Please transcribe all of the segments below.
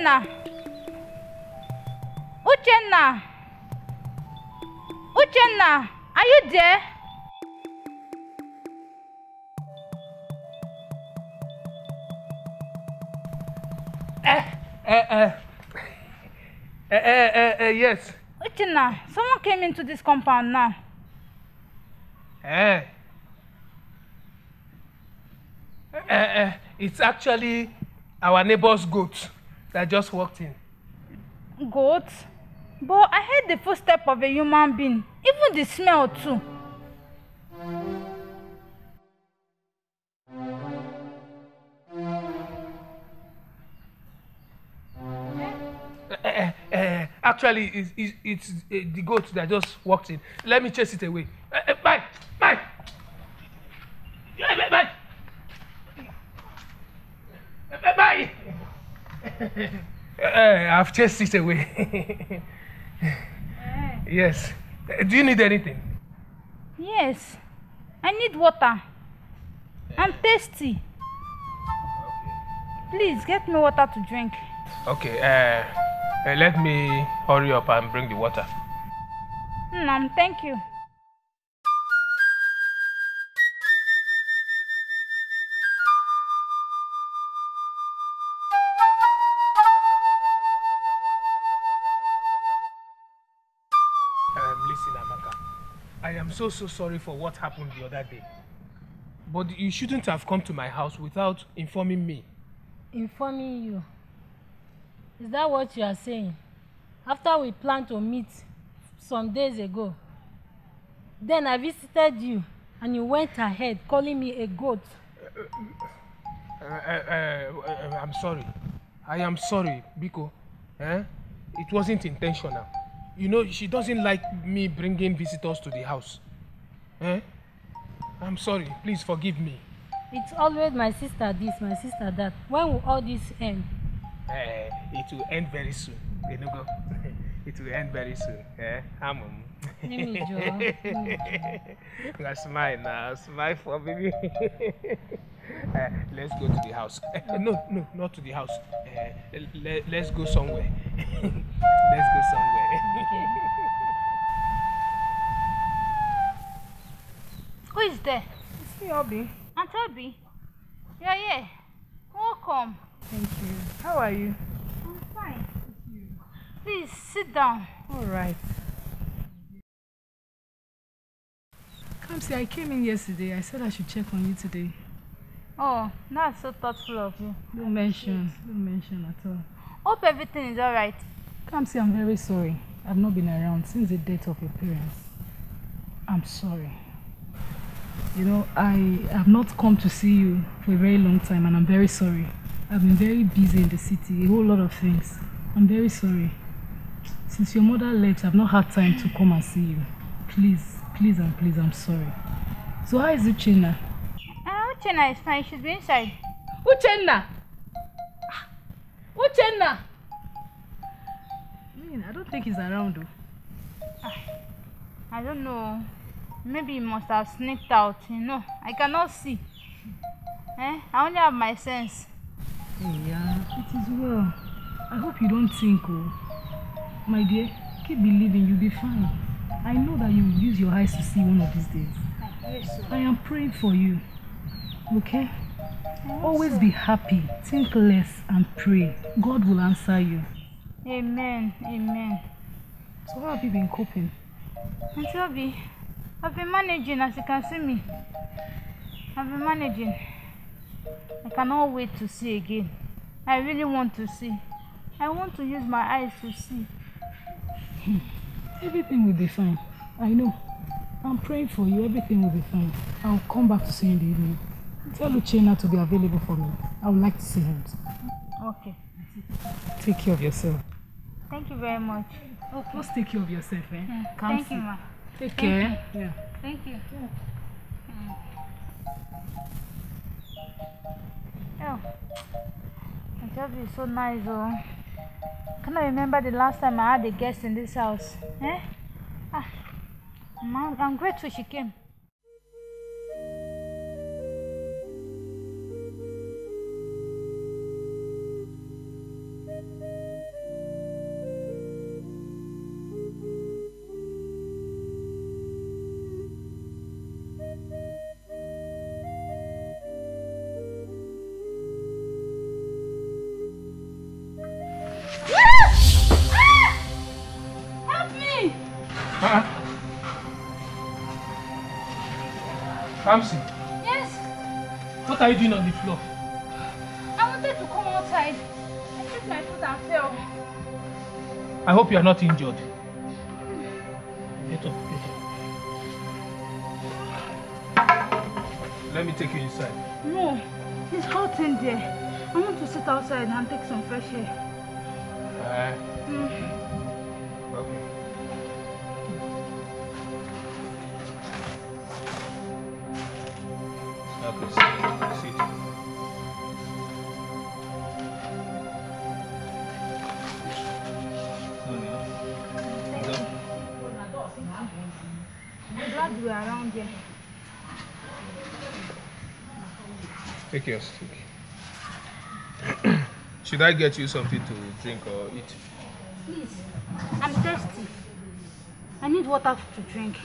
Uchenna! Uchenna! Uchenna, are you there? Eh, eh, eh. Eh, eh, eh, eh, yes. Uchenna, someone came into this compound now. Eh. Eh, eh, it's actually our neighbor's goat that just walked in? Goat? But I heard the footstep of a human being, even the smell too. Eh, eh, eh, actually, it's, it's, it's the goat that just walked in. Let me chase it away. I've chased it away. yes. Do you need anything? Yes. I need water. I'm thirsty. Please get me water to drink. Okay, uh, uh, let me hurry up and bring the water. Mom, thank you. I am so, so sorry for what happened the other day. But you shouldn't have come to my house without informing me. Informing you? Is that what you are saying? After we planned to meet some days ago, then I visited you and you went ahead calling me a goat. Uh, uh, uh, uh, uh, I'm sorry. I am sorry, Biko. Eh? It wasn't intentional you know she doesn't like me bringing visitors to the house eh i'm sorry please forgive me. it's always my sister this my sister that when will all this end. Uh, eh, it will end very soon enugu it will end very soon eh amum. Nimijo. Nimijo. smile now smile for baby. Uh, let's go to the house. Eh, no, no, not to the house. Uh, le let's go somewhere. let's go somewhere. Who is there? It's me, Obi. Aunt Obi, Yeah, yeah. Welcome. Thank you. How are you? I'm fine. Thank you. Please sit down. All right. Come see, I came in yesterday. I said I should check on you today. Oh, that's so thoughtful of you. No mention. No mention at all. Hope everything is alright. Come see, I'm very sorry. I've not been around since the death of your parents. I'm sorry. You know, I have not come to see you for a very long time and I'm very sorry. I've been very busy in the city, a whole lot of things. I'm very sorry. Since your mother left, I've not had time to come and see you. Please, please and please, I'm sorry. So how is Uchenna? Uchenna is fine. She's been inside. Uchenna! Uchenna! mean, I don't think he's around though. Ah, I don't know. Maybe he must have sneaked out. You know, I cannot see. Eh? I only have my sense. Yeah, it is well. I hope you don't think, oh. My dear, keep believing you'll be fine. I know that you will use your eyes to see one of these days. I am praying for you. Okay? Always be happy, think less, and pray. God will answer you. Amen. Amen. So, how have you been coping? Auntie Obi, I've been managing as you can see me. I've been managing. I cannot wait to see again. I really want to see. I want to use my eyes to see. Hmm. Everything will be fine. I know. I'm praying for you. Everything will be fine. I'll come back to see you in the evening. Tell Uchenna to be available for me. I would like to see him. Okay. Take care of yourself. Thank you very much. Oh, please take care of yourself, eh? Yeah. Come Thank see. you, ma. Take Thank care. You. Yeah. Thank you. Yeah. Oh, the job is so nice, oh. Can I remember the last time I had a guest in this house? Eh? Ah, I'm grateful she came. Ramsey. Yes? What are you doing on the floor? I wanted to come outside. I tripped my foot and fell. I hope you are not injured. Get up, get up. Let me take you inside. No, it's hot in there. I want to sit outside and take some fresh air. Uh, mm. do around there. Take your stick. Should I get you something to drink or eat? Please, I'm thirsty. I need water to drink.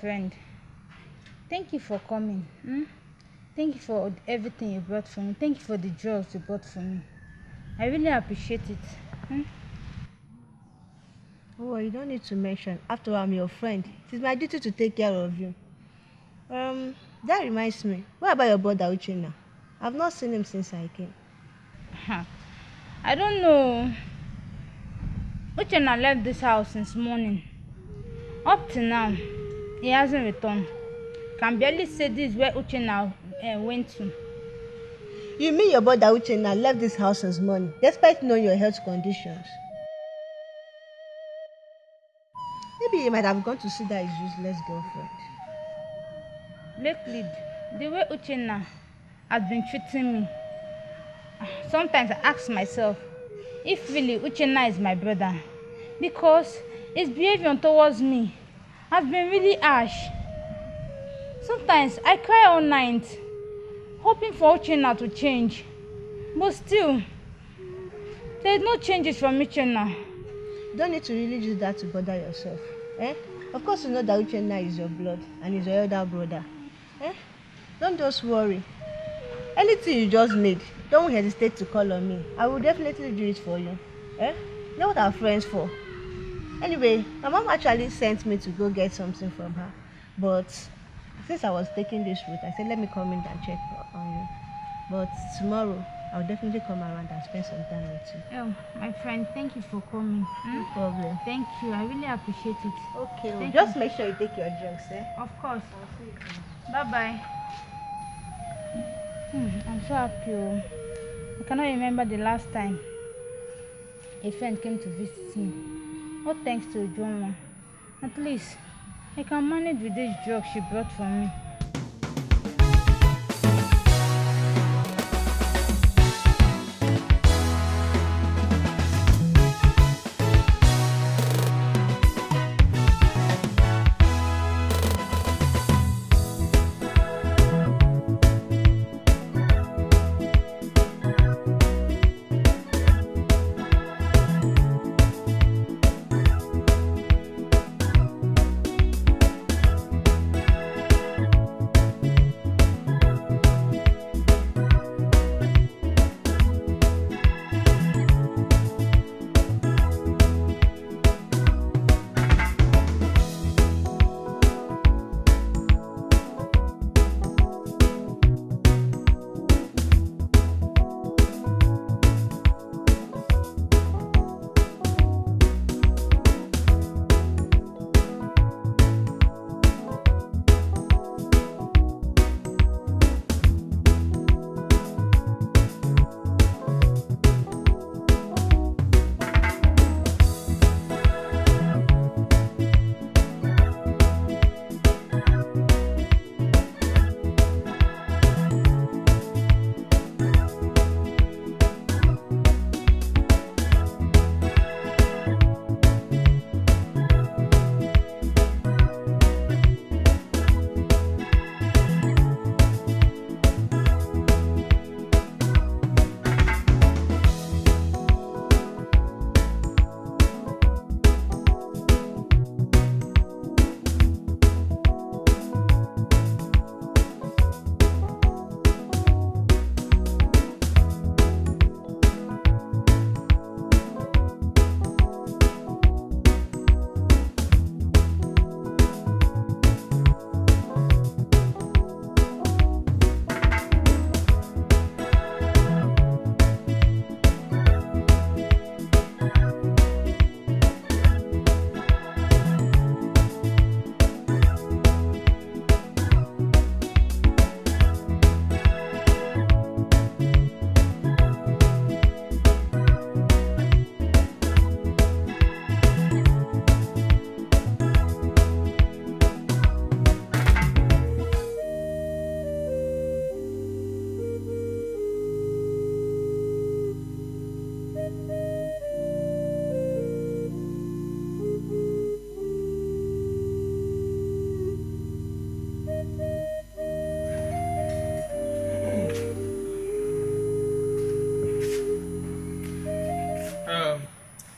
friend thank you for coming hmm? thank you for everything you brought for me thank you for the drugs you brought for me i really appreciate it hmm? oh you don't need to mention after all i'm your friend it is my duty to take care of you um that reminds me what about your brother uchenna i've not seen him since i came huh. i don't know uchenna left this house since morning up to now he hasn't returned. Can barely say this is where Uchenna uh, went to. You mean your brother Uchenna left this house as money, despite knowing your health conditions? Maybe he might have gone to see that his useless girlfriend. Make lead. The way Uchenna has been treating me, ah, sometimes I ask myself if really Uchenna is my brother because his behavior towards me have been really harsh. Sometimes I cry all night, hoping for Uchenna to change. But still, there's no changes from Uchenna. don't need to really use that to bother yourself. Eh? Of course, you know that Uchenna is your blood and is your elder brother. Eh? Don't just worry. Anything you just need, don't hesitate to call on me. I will definitely do it for you. Eh? You know what our friends for. anyway my mom actually sent me to go get something from her but since i was taking this route i said let me come in and check on you but tomorrow I'll definitely come around and spend some time with you. Oh, my friend, thank you for coming. Hmm? No problem. Thank you. I really appreciate it. Okay. Well, just make sure you take your drinks, eh? Of course. Bye-bye. Hmm, I'm so happy. Oh. I cannot remember the last time a friend came to visit me. all thanks to Ojwangwa. At least I can manage with this drug she brought for me.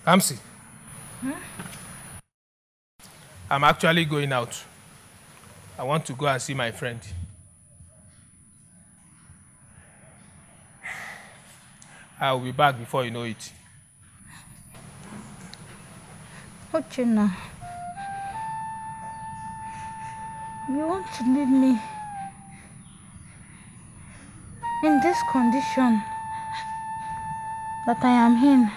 Kamsi. Hmm? I'm actually going out. I want to go and see my friend. I'll be back before you know it. Ochina, you want to leave me in this condition that I am in?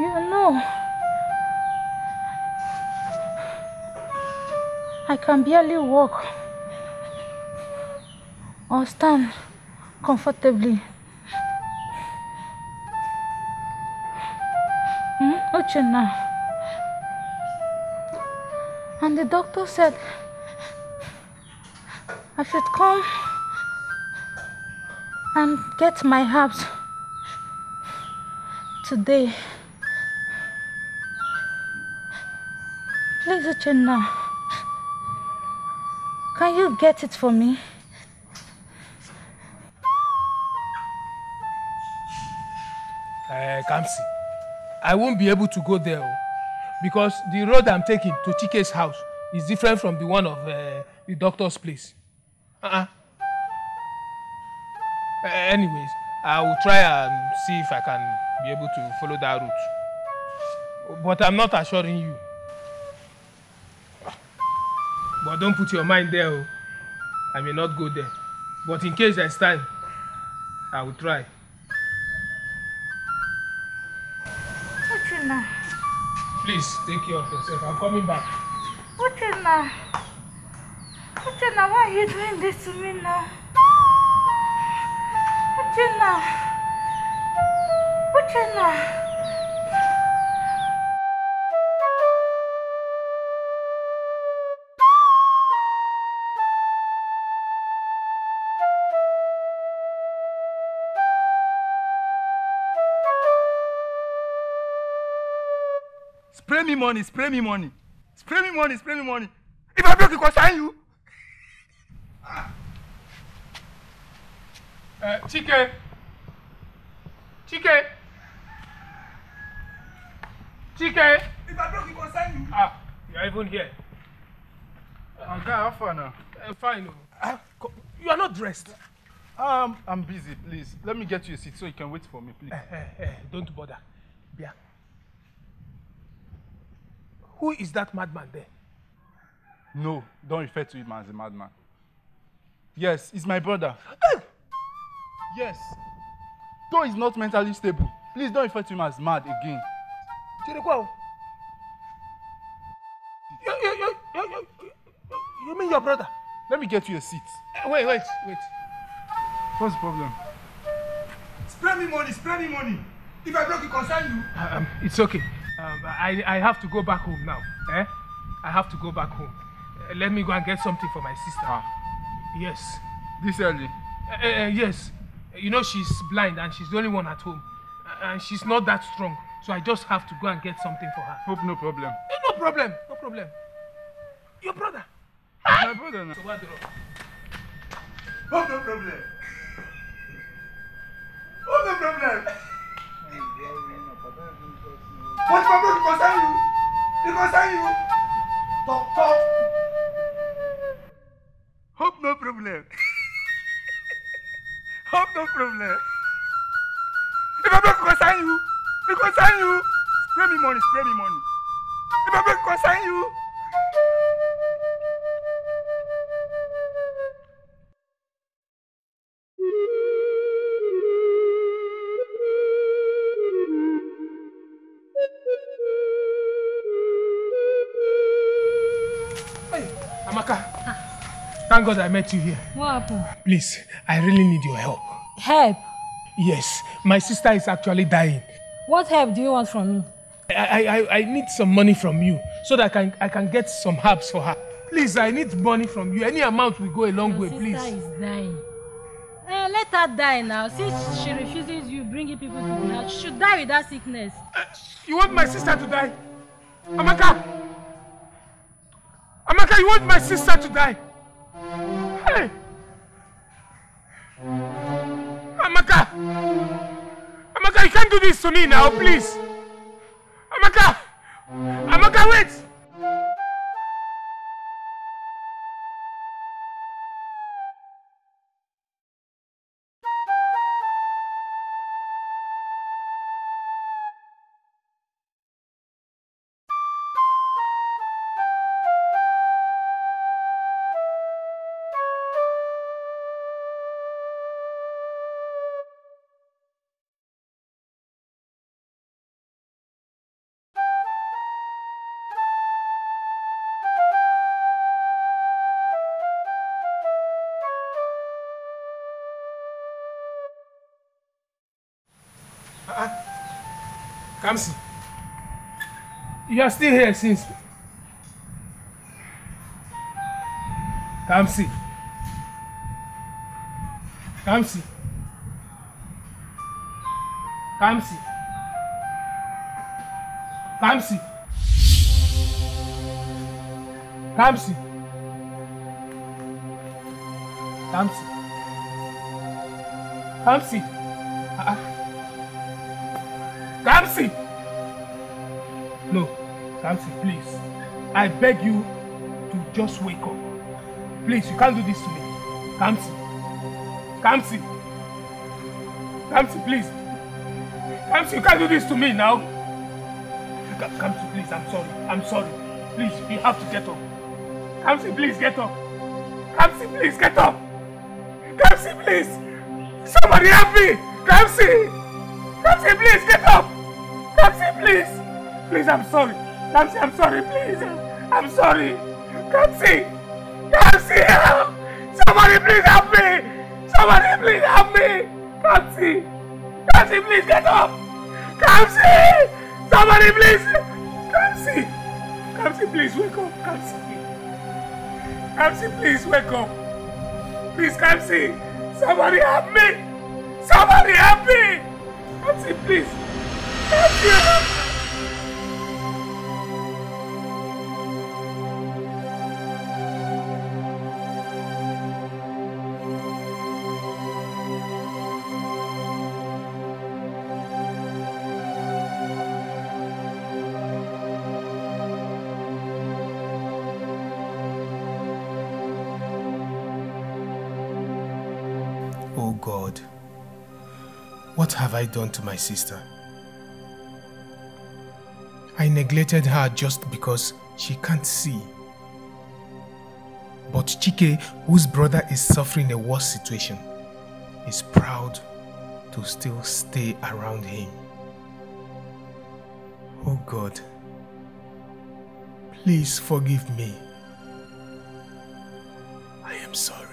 Yung know, I can barely walk or stand comfortably. Hmm? Uchena. And the doctor said I should come and get my herbs today. message Can you get it for me? Uh, eh, Kamsi, I won't be able to go there oh, because the road I'm taking to Chike's house is different from the one of uh, the doctor's place. Uh-uh. Uh, anyways, I will try and see if I can be able to follow that route. But I'm not assuring you. But don't put your mind there. Oh. I may not go there. But in case there's time, I will try. Uchenna. Please, take care of yourself. I'm coming back. Uchenna. Uchenna, why are you doing this to me now? Uchenna. Uchenna. me money, spray me money. Spray me money, spray me money. If I broke, it concern you. Uh, Chike. Chike. Chike. If I broke, it concern you. Ah, you're even here. Uh, ah, okay, how far now? Uh, fine. Uh, you are not dressed. Um, I'm busy, please. Let me get you a seat so you can wait for me, please. Uh, uh, uh, don't bother. Yeah. Who is that madman there? No, don't refer to him as a madman. Yes, he's my brother. Yes. Though he's not mentally stable, please don't refer to him as mad again. Chirikwao, you, you mean your brother? Let me get you a seat. Eh, wait, wait, wait. What's the problem? Spray me money, spray me money. If I broke, it concern you. Um, it's okay. Um, I, I have to go back home now. Eh? I have to go back home. Uh, let me go and get something for my sister. Ah. Yes. This early? Uh, uh, uh yes. You know, she's blind and she's the only one at home. Uh, and she's not that strong. So I just have to go and get something for her. Hope no problem. Eh, no problem. No problem. Your brother. Ah! My brother now. So Hope no problem. Hope no problem. mo ti fọ pé nǹkan sẹ́yìn nǹkan sẹ́yìn tọ̀tọ̀. hope no problem hope no problem ìfẹ́ pé nǹkan sẹ́yìn nǹkan sẹ́yìn spray me money spray me money ìfẹ́ pé nǹkan sẹ́yìn. Thank God I met you here. What happened? Please, I really need your help. Help? Yes, my sister is actually dying. What help do you want from me? I, I, I need some money from you so that I can, I can get some herbs for her. Please, I need money from you. Any amount will go a long your way, please. My sister is dying. Eh, let her die now. Since she refuses you bringing people to the house, she should die with that sickness. Uh, you want my sister to die? Amaka! Amaka, you want my sister to die? Hey! Amaka! Amaka, you can't do this to me now, please! Amaka! Amaka, wait! Kamsi, you are still here since. Kamsi. Kamsi. Kamsi. Kamsi. Kamsi. Kamsi. Kamsi. Ah. ah. Kamsi! No, Kamsi, please. I beg you to just wake up. Please, you can't do this to me. Kamsi. Kamsi. Kamsi, please. Kamsi, you can't do this to me now. Kamsi, please, I'm sorry. I'm sorry. Please, you have to get up. Kamsi, please, get up. Kamsi, please, get up. Kamsi, please. Somebody help me. Kamsi. Kamsi, please, get up. Please, please, I'm sorry. Kamsi, I'm sorry, please. I'm sorry. Kamsi, Kamsi, help! Somebody please help me! Somebody please help me! Kamsi, Kamsi, please get up! Kamsi, somebody please! Kamsi, Kamsi, please wake up, Kamsi. Kamsi, please wake up. Please, Kamsi, somebody help me! Somebody help me! Kamsi, please. Oh God, what have I done to my sister? I neglected her just because she can't see. But Chike, whose brother is suffering a worse situation, is proud to still stay around him. Oh God, please forgive me. I am sorry.